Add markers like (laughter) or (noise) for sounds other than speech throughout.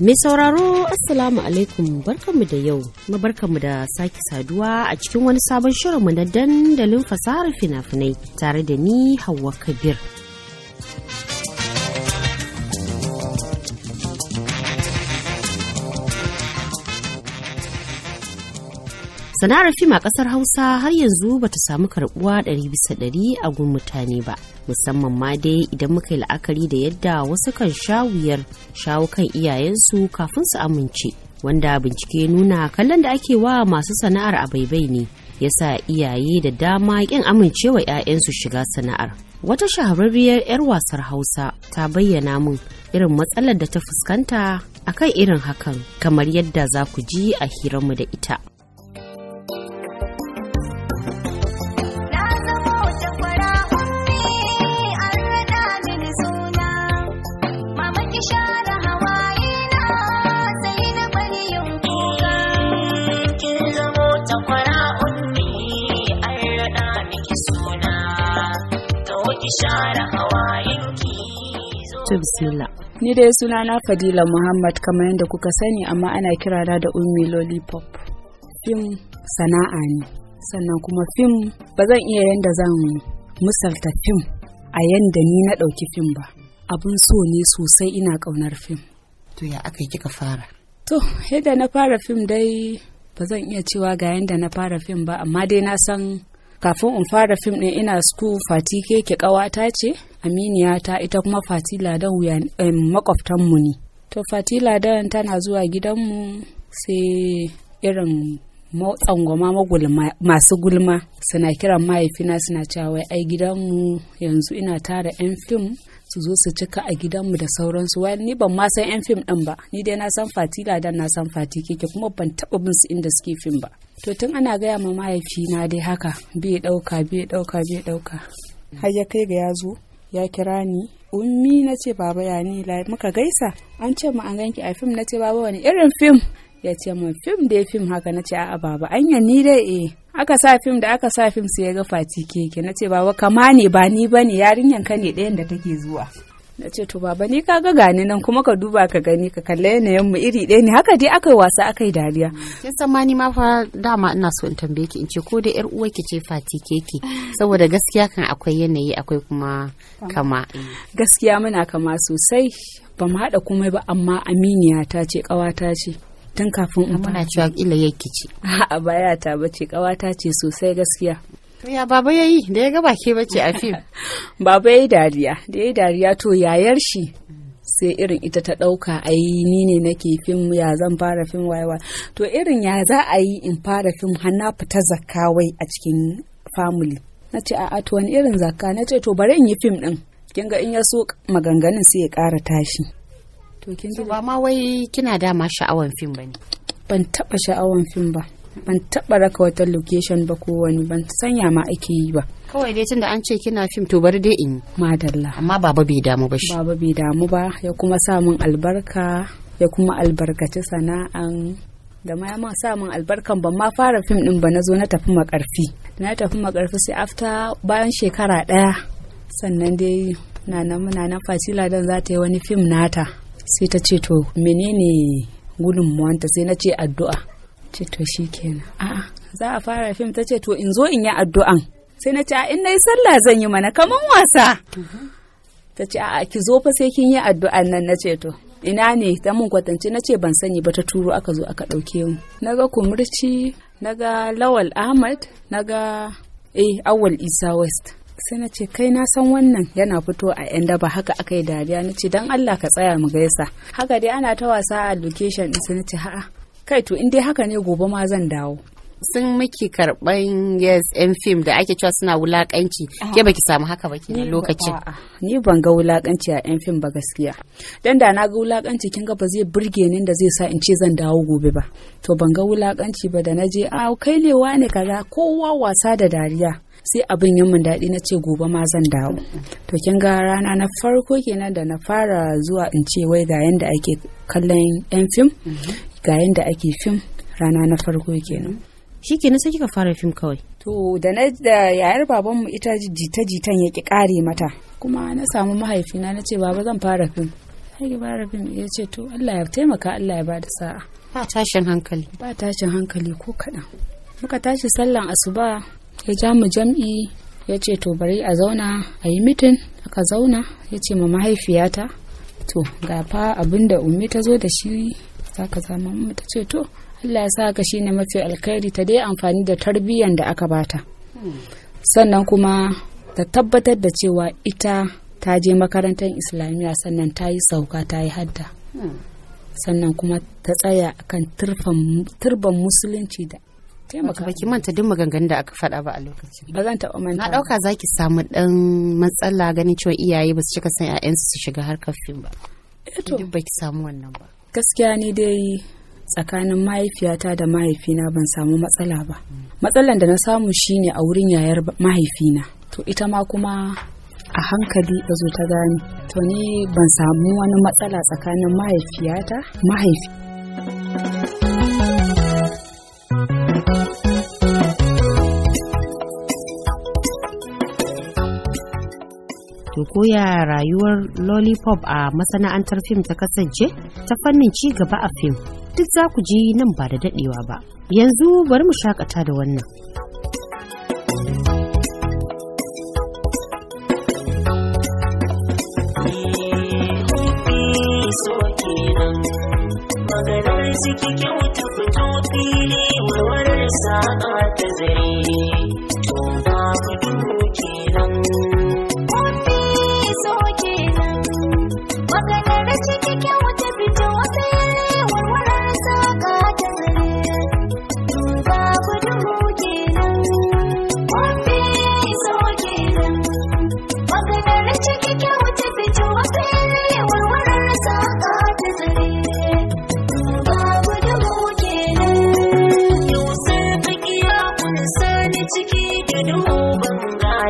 Mai sauraro Assalamu alaikum barkanmu da yau, barkanmu da sake saduwa a cikin wani sabon shirinmu na dandalin fasahar fina-finai tare da ni Hauwa Kabir. sana'ar fim a kasar hausa har yanzu bata samu karbuwa ɗari bisa ɗari a gun mutane ba musamman ma dai idan muka yi la'akari da yadda wasu kan sha wuyar shawo kan iyayensu kafin su amince wanda bincike nuna kallon da ake wa masu sana'ar a baibai ne ya sa iyaye da dama ƙin amincewa 'ya'yansu shiga sana'ar wata shahararriyar 'yar wasar hausa ta bayyana min irin matsalar da ta fuskanta akan irin hakan kamar yadda za ku ji a hiranmu da ita to bismillah ni dai suna na fadila muhammad kamar yadda kuka sani amma ana kirara da ummi lollipop fim sana'a ne sannan kuma fim ba zan iya yadda zan misalta fim a yadda ni na ɗauki fim ba abin so ne sosai ina ƙaunar fim to ya aka yi kika fara to yadda na fara fim dai ba zan iya cewa ga yadda na fara fim ba amma dai na san kafin in fara fim ɗin ina school fati keke ƙawata ce aminiya ta ita kuma fati ladan makwabtanmu ne to fati ladan tana zuwa gidanmu sai irin tsangwama masu gulma suna kiran mahaifina suna cewa wai ai gidanmu yanzu ina tara 'yan fim su zo su cika a gidanmu da sauransu wani ni ban ma san 'yan fim din ba ni dai na san fati ladan na san fati keke kuma ban taba bin su inda suke fim ba to tun ana gaya ma mahaifina dai haka bai ɗauka bai ɗauka bai ɗauka har ya kai ga ya zo ya kira ni ummi na ce baba ya ni muka gaisa an ce ma an ganki a fim na ce baba wani irin fim ya ce mun fim dai fim haka na ce a'a baba anya ni dai eh aka sa fim da aka sa fim su ya ga fati keke na ce baba kama ne ba ni ne yarinyan ka ne ɗayan da take zuwa na ce to baba ni ka ga gani nan kuma ka duba ka gani ka kalle yanayin mu iri ɗaya ne haka dai aka wasa aka yi dariya kin san ma ni ma fa dama ina so in tambaye ki in ce ko da yar uwa ki ce fati keke saboda gaskiya kan akwai yanayi akwai kuma kama eh. gaskiya muna kama sosai ba mu haɗa komai ba amma aminiya ta ce ƙawata ce tun kafin in muna cewa kila yake ce a baya ta bace kawata ce sosai gaskiya ya baba yayi da ya ga bake bace a fim (laughs) baba yayi dariya da yayi dariya to yayar shi sai irin ita ta ɗauka a ni ne nake fim ya zan fara fim wayewa to irin ya za a yi in fara fim har na fita zakka wai a cikin family na ce a'a to wani irin zakka na ce to bari in yi fim ɗin kinga in ya so maganganun sai ya kara tashi to kin ji ba ma wai kina da ma sha'awan fim bane ban taba sha'awan fim ba ban taba raka wata location ba ko wani ban sanya ma ake yi ba kawai dai tunda an ce kina fim to bari dai in madalla amma baba bai damu ba shi baba bai damu ba ya kuma sa mun albarka ya kuma albarkaci sana'an da ma ya sa mun albarkan ban ma fara fim din ba na zo na tafi makarfi na tafi makarfi sai afta bayan shekara daya sannan dai na na muna na fasila dan za ta yi wani fim nata sai ta ce to menene gudunmuwanta sai na ce addu'a ce to shi kenan a'a za a fara fim ta ce to in zo in yi addu'an sai na ce a in yi sallah zan yi mana kaman wasa ta ce a'a ki zo fa sai kin yi addu'an nan na ce to ina ne ta mun kwatance na ce ban sani ba ta turo aka zo aka ɗauke mu na ga kumurci na ga lawal ahmad na ga eh awal isa west sai na ce kai na san wannan yana fito a yan daba haka aka yi dariya na ce don allah ka tsaya mu gaisa haka dai ana ta wasa a location in sai na ce ha'a kai to in dai haka ne gobe ma zan dawo sun miki karban yes yan fim da ake cewa suna wulakanci ke baki samu haka ba kenan lokacin ni ban ga wulakanci a yan fim ba gaskiya dan da na ga wulakanci kin ga ba zai burge ni da zai sa in ce zan dawo gobe ba to ban ga wulakanci ba da na je a kai ne wane kaza kowa wasa da dariya sai abin yin min daɗi na ce gobe ma zan dawo to kin ga rana na farko kenan da na fara zuwa in ce wai ga yanda ake kallon yan fim ga yanda ake fim rana na farko kenan shi kenan sai kika fara fim kawai to da na da yayar babanmu ita jita jitan ya ki kare mata kuma na samu mahaifina na ce baba zan fara fim sai fara fim ya ce to Allah ya taimaka Allah ya bada sa'a ba tashin hankali ba tashin hankali ko kaɗan muka tashi sallan asuba ya ja mu jam'i ya ce to bari a zauna a yi mitin aka zauna ya ce ma mahaifiyata to ga fa abin da ummi ta zo da shi za ka zama mu ta ce to Allah ya sa ka shine mafi alkhairi ta dai amfani da tarbiyyan da aka bata sannan kuma ta tabbatar da cewa ita ta je makarantar islamiyya sannan ta yi sauka ta yi hadda hmm. sannan kuma ta tsaya kan turban musulunci da taimaka baki manta duk maganganu da aka faɗa ba a lokacin ba zan taɓa manta na ɗauka zaki samu ɗan matsala ganin cewa iyaye ba su cika san ƴaƴansu su shiga harkar fim ba eh to duk baki samu wannan ba gaskiya ni dai tsakanin mahaifiyata da mahaifina ban samu matsala ba matsalan da na samu shine a wurin yayar mahaifina to ita ma kuma a hankali ta zo ta gani to ni ban samu wani matsala tsakanin mahaifiyata mahaifi koya rayuwar lollipop a masana'antar fim ta kasance ta fannin ci gaba a fim duk za ku ji nan ba da daɗewa ba yanzu bari mu shakata da wannan ciki kyauta sa'a ta zai to ba ku kenan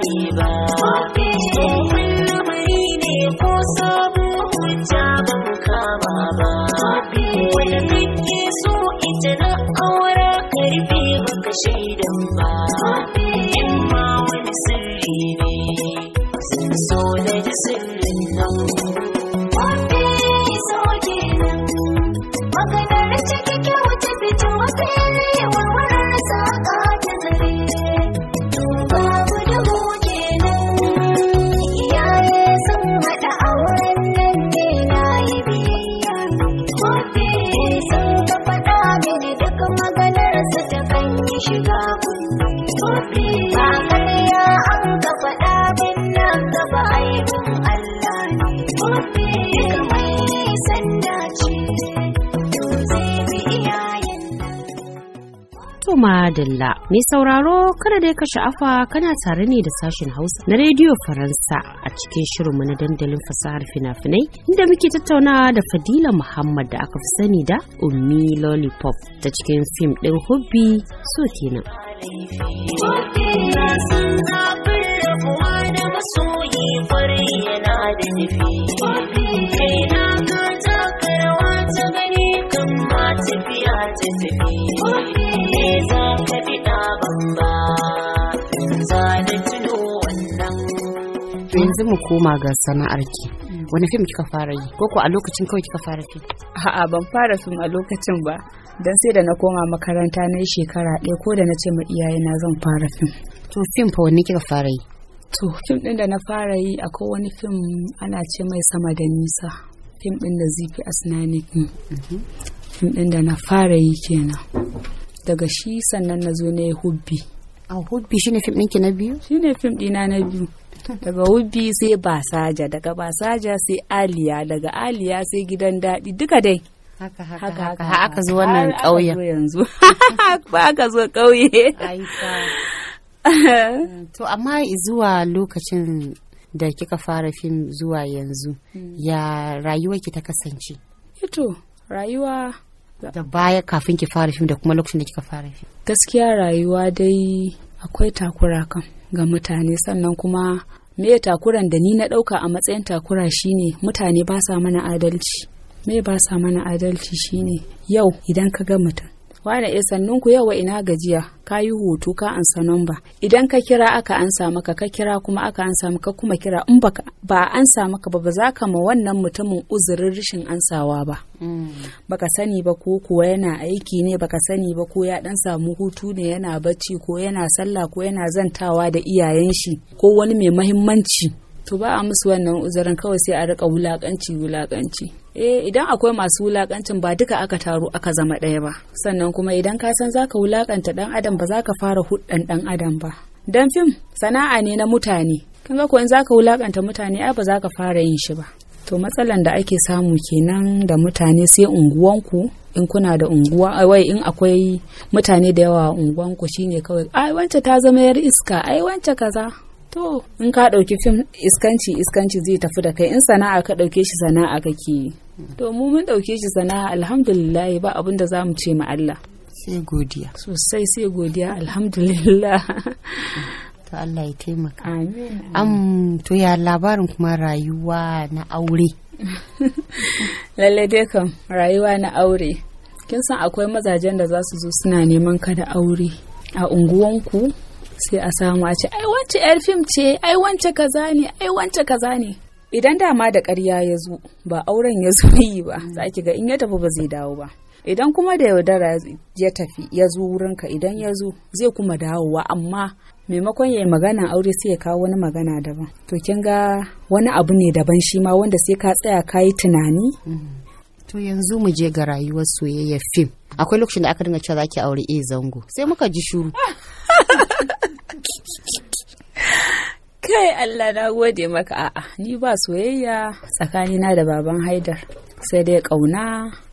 gane lamari ne ko sabon hujja ba kama ba. so ita na shaidan ba. In ma wani sirri ne, sun so da sirri. dalla Mai sauraro kada dai ka sha'afa kana tare ne da sashen Hausa na Radio Faransa a cikin shirinmu na dandalin fasahar fina-finai inda muke tattaunawa da Fadila Muhammad da aka fi sani da Ummi Lollipop ta cikin fim ɗin Hobby so kenan. masoyi mu koma ga ki mm. wani fim kika fara yi ko a lokacin kawai kika fara fim a'a ban fara fim a lokacin ba dan sai da na koma makaranta na shekara ɗaya ko da na ce ma iyaye na zan fara fim to fim fa wani kika fara yi to fim din da na fara yi akwai wani fim ana ce mai sama da nisa fim din da zifi asnani mm-hmm. fim din da na fara yi kenan daga shi sannan na zo na yi hubbi a hubbi shine fim ɗinki na biyu shine fim ɗina na biyu daga wubi sai basaja daga basaja sai aliya daga aliya sai gidan daɗi duka dai haka haka haka aka zo wannan ƙauyen yanzu (laughs) ba aka zo ƙauye (laughs) to amma zuwa lokacin da kika fara fim zuwa yanzu hmm. ya rayuwa ki ta kasance ito eh rayuwa da baya kafin ki fara fim da kuma lokacin da kika fara fim gaskiya rayuwa dai akwai takura kan ga mutane sannan kuma me takuran da ni na ɗauka a matsayin takura shine mutane ba sa mana adalci me ba sa mana adalci shine yau idan ka ga mutum wane e eh, sannun ku yawa ina gajiya ka yi hutu ka ansa ba idan ka kira aka ansa maka ka kira kuma aka ansa maka kuma kira in baka ba ansa maka ba ba za ka ma wannan mutumin uzurin rashin ansawa ba mm. baka sani ba ko kuwa yana aiki ne baka sani ba ko ya dan samu hutu ne yana bacci ko yana sallah ko yana zantawa da iyayen shi ko wani mai mahimmanci to ba a musu wannan uzurin kawai sai a rika wulakanci wulakanci eh idan akwai masu wulakancin ba duka aka taru aka zama ɗaya ba sannan kuma idan ka san zaka wulakanta ɗan adam ba zaka fara huɗan ɗan adam ba dan fim sana'a ne na mutane kan ga za zaka wulakanta mutane ai ba ka fara yin shi ba to matsalan da ake samu kenan da mutane sai unguwanku in kuna da unguwa wai in akwai mutane da yawa unguwanku shine kawai ai wance ta zama yar iska ai wance kaza to in ka ɗauki fim iskanci iskanci zai tafi da kai in sana'a ka ɗauke shi sana'a kake yi to mu mun ɗauke shi sana'a alhamdulillah ba abin da za mu ce ma Allah sai godiya sosai sai godiya alhamdulillah (laughs) to Allah ya taimaka amin am to ya labarin kuma rayuwa na aure (laughs) lalle dai kam rayuwa na aure kin san akwai mazajen da za su zo suna neman ka da aure a unguwanku sai a samu a ce ai wance yar fim ce ai wance kaza ne ai wance kaza ne idan dama da karya ya zo ba auren ya zo yi ba mm. za ki ga in ya tafi ba zai dawo ba idan kuma da yaudara ya tafi ya zo wurinka idan ya zo zai kuma dawowa amma maimakon ya yi magana aure sai ya kawo wani magana daban to kin ga wani abu ne daban shi ma wanda sai ka tsaya ka yi tunani mm. to yanzu mu je ga rayuwar soyayya fim akwai lokacin da aka dinga cewa zaki aure e zango sai muka ji shuru (laughs) kai Allah na gode maka a'a ni ba soyayya tsakanina da baban haidar sai dai kauna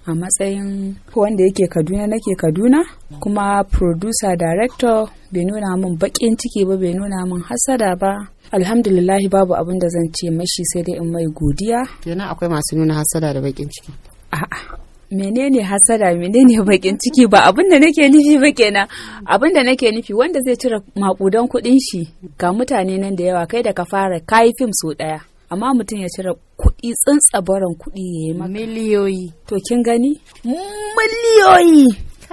a matsayin wanda yake kaduna nake kaduna kuma producer director bai nuna min baƙin ciki ba bai nuna min hasada ba alhamdulillahi babu abin da zan ce mashi sai dai in mai godiya kenan akwai masu nuna hasada da bakin ciki a'a menene hasada menene bakin ciki ba abin da nake nufi ba kenan abin da nake nufi wanda zai cire makudan kuɗin shi ga mutane nan da yawa kai da ka fara kayi fim so ɗaya amma mutum ya cire kuɗi tsantsabaran kuɗi ya yi maka miliyoyi to kin gani miliyoyi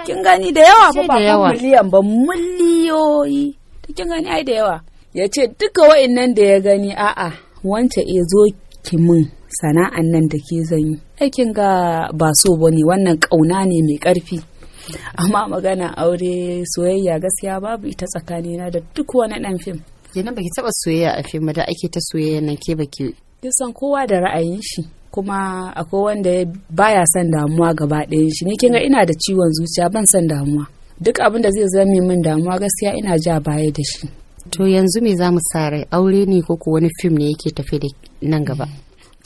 kin gani da yawa ba ba miliyan ba miliyoyi to kin gani ai da yawa ya ce duka wa'annan da ya gani a'a wance e zo ki min sana'an nan da ke zan yi aikin ga ba so ba ne, wannan kauna ne mai karfi amma magana aure soyayya gaskiya babu ita tsakanina da duk wani dan fim Yana baki taba soyayya a fim da ake ta soyayya nan ke baki san kowa da ra'ayin shi kuma akwai wanda baya son damuwa gaba ɗayan shi ne kin ga ina da ciwon zuciya ban son damuwa duk abin da zai zame min damuwa gaskiya ina ja baya da shi to yanzu me za mu sa aure ne ko wani fim ne yake tafi da nan gaba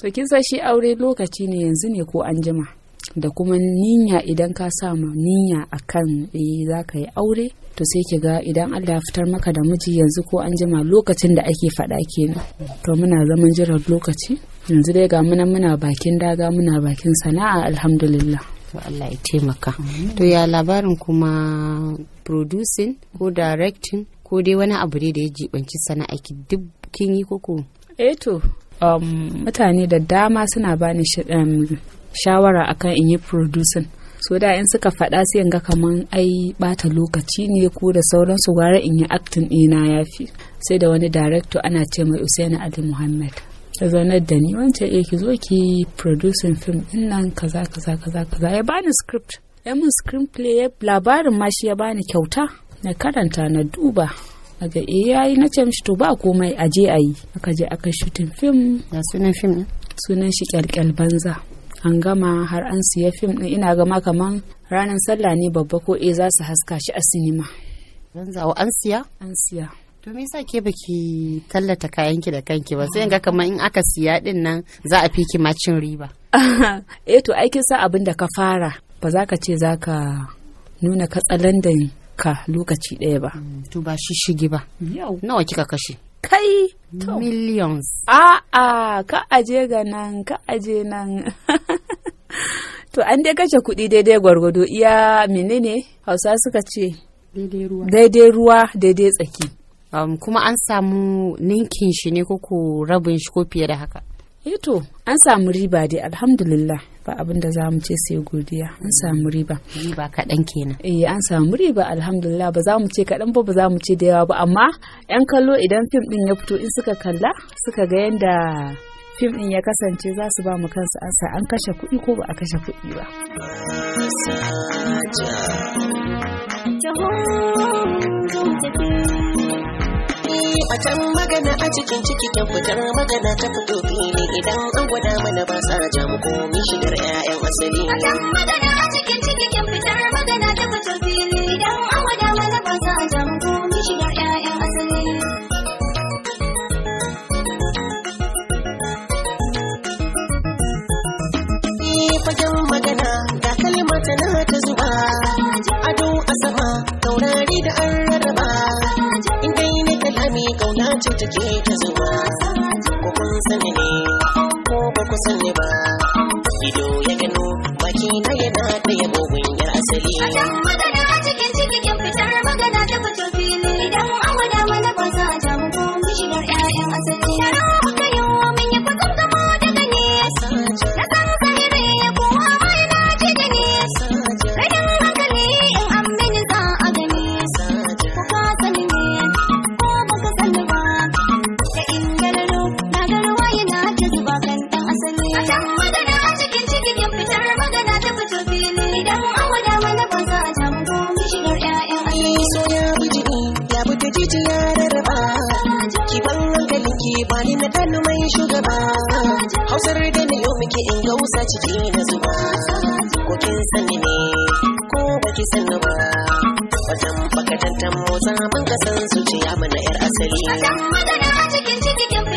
to kin san shi aure lokaci ne yanzu ne ko an jima da kuma niyya idan ka sa ma niyya akan eh za ka yi aure to sai ki ga idan Allah ya fitar maka da miji yanzu ko an jima lokacin da ake faɗa kenan to muna zaman jiran lokaci yanzu dai ga muna muna bakin daga muna bakin sana'a alhamdulillah to Allah ya taimaka to ya labarin kuma producing ko directing ko dai wani abu dai da ya jibanci sana'a ki duk kin yi koko eh to Um, mutane da dama suna bani um, shawara akan in yi producing so da in suka faɗa sai ga kaman ai bata lokaci ne ko da sauransu gara in yi acting ɗina ya fi sai da wani director ana ce mai usaini ali muhammad da zaunar da ni wancan eh ki zo ki producing film din nan kaza kaza kaza kaza ya bani script ya mun screenplay labarin ma shi ya bani kyauta na karanta na duba aga eh yayi na ce mishi to ba komai a je a yi aka je aka shutin fim da sunan fim ne sunan shi kyalkyal banza an gama har an siya fim din ina gama kaman ranar sallah ne babba ko eh za su haska shi a sinima banza an siya an siya to me yasa ke baki tallata kayanki da kanki ba sai ga kaman in aka siya din nan za a fi ki cin riba (laughs) eh to aikin sa abin da ka fara ba za ka ce za ka nuna katsalandan Ka lokaci ɗaya ba. Mm, to ba shi shige ba. Mm. Nawa kika kashe? Kai millions. A'a ka aje ga nan ka aje nan. (laughs) to an dai kashe kuɗi daidai gwargwado iya menene hausa suka ce daidai ruwa daidai tsaki um, kuma an samu ninkin shi ne ko rabin shi ko fiye da haka eh to an samu riba dai alhamdulillah ba abin da za mu ce sai godiya an samu riba riba kaɗan kenan eh an samu riba alhamdulillah ba za mu ce kaɗan ba ba za mu ce da yawa ba amma yan kallo idan fim din ya fito in suka kalla suka ga yanda fim din ya kasance za su ba mu kansu sa an kashe kuɗi ko ba a kashe kuɗi ba batan magana a cikin ciki ta fitar magana ta fito fili idan an gwada mana ba sa jam komi shigar 'ya'yan asali. Batan magana a cikin ciki ta fitar magana ta fito fili idan an gwada mana ba sa jam ce ke ta zuba ko kun sani ne ko ba ku sani ba ido ya gano baki na yana ta yabo gunyar asali gari da zuba ko kin sani ne ko baki sani ba wajen bakatantan mu zaman kasan zuciya mana yar asali a madana cikin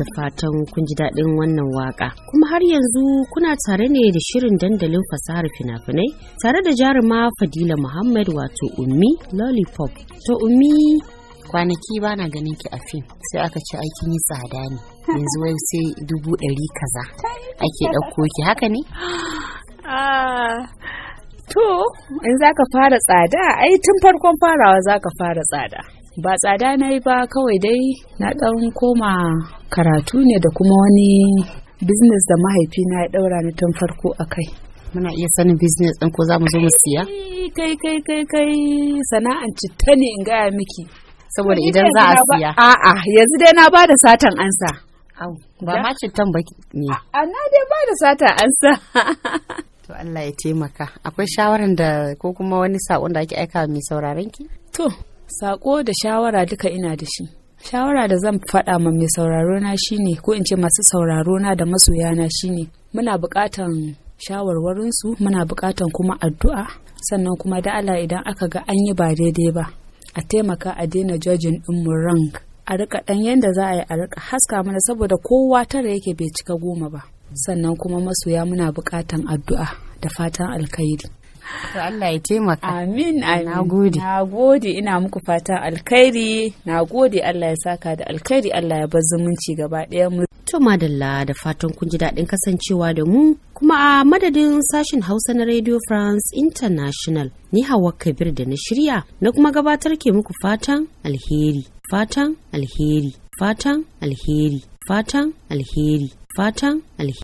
da fatan kun ji daɗin wannan waka. Kuma har yanzu kuna tare ne da shirin dandalin fasahar fina-finai tare da jaruma Fadila Muhammad wato Ummi Lollipop. To Ummi kwanaki ba na ganin ki a fim sai aka ci aikin yi tsada ne (laughs) yanzu wai sai dubu ɗari kaza ake ɗauko ki haka ne? (gasps) Ah. To, in za ka fara tsada, ai tun farkon farawa za ka fara tsada. ba tsada na yi ba kawai dai na ɗan koma karatu ne da kuma wani business da mahaifi na ya ɗaura ni tun farko a kai muna iya sanin business ɗin ko za mu zo mu siya kai kai kai kai sana'an citta ne in gaya miki saboda idan za a siya a'a yanzu dai na bada satan ansa ba ma cittan ba ne a na dai bada satan ansa (laughs) to Allah ya taimaka akwai shawaran da ko kuma wani sakon da ake aika mai sauraron ki to Sako da shawara duka ina da shi. Shawara da zan faɗa ma mai sauraro na shine ko in ce masu sauraro na da masoya na shine muna buƙatan shawarwarinsu muna buƙatan kuma addu'a sannan kuma da Allah idan aka ga an yi ba daidai ba a taimaka a daina jojin ɗin mu rank a rika ɗan yadda za a yi a rika haska mana saboda kowa tara yake bai cika goma ba sannan kuma masoya muna buƙatan addu'a da fatan alkhairi To Allah ya taimaka. Amin, amin. Na gode. Na gode, ina muku fatan alkhairi. Na gode Allah ya saka da alkhairi, Allah ya bar zumunci gaba ɗaya mu. To madalla da fatan kun ji daɗin kasancewa da mu kuma a madadin sashen Hausa na Radio France International ni Hawa Kabir da na shirya na kuma gabatar ke muku fatan alheri. Fatan alheri. Fatan alheri. Fatan alheri. Fatan alheri.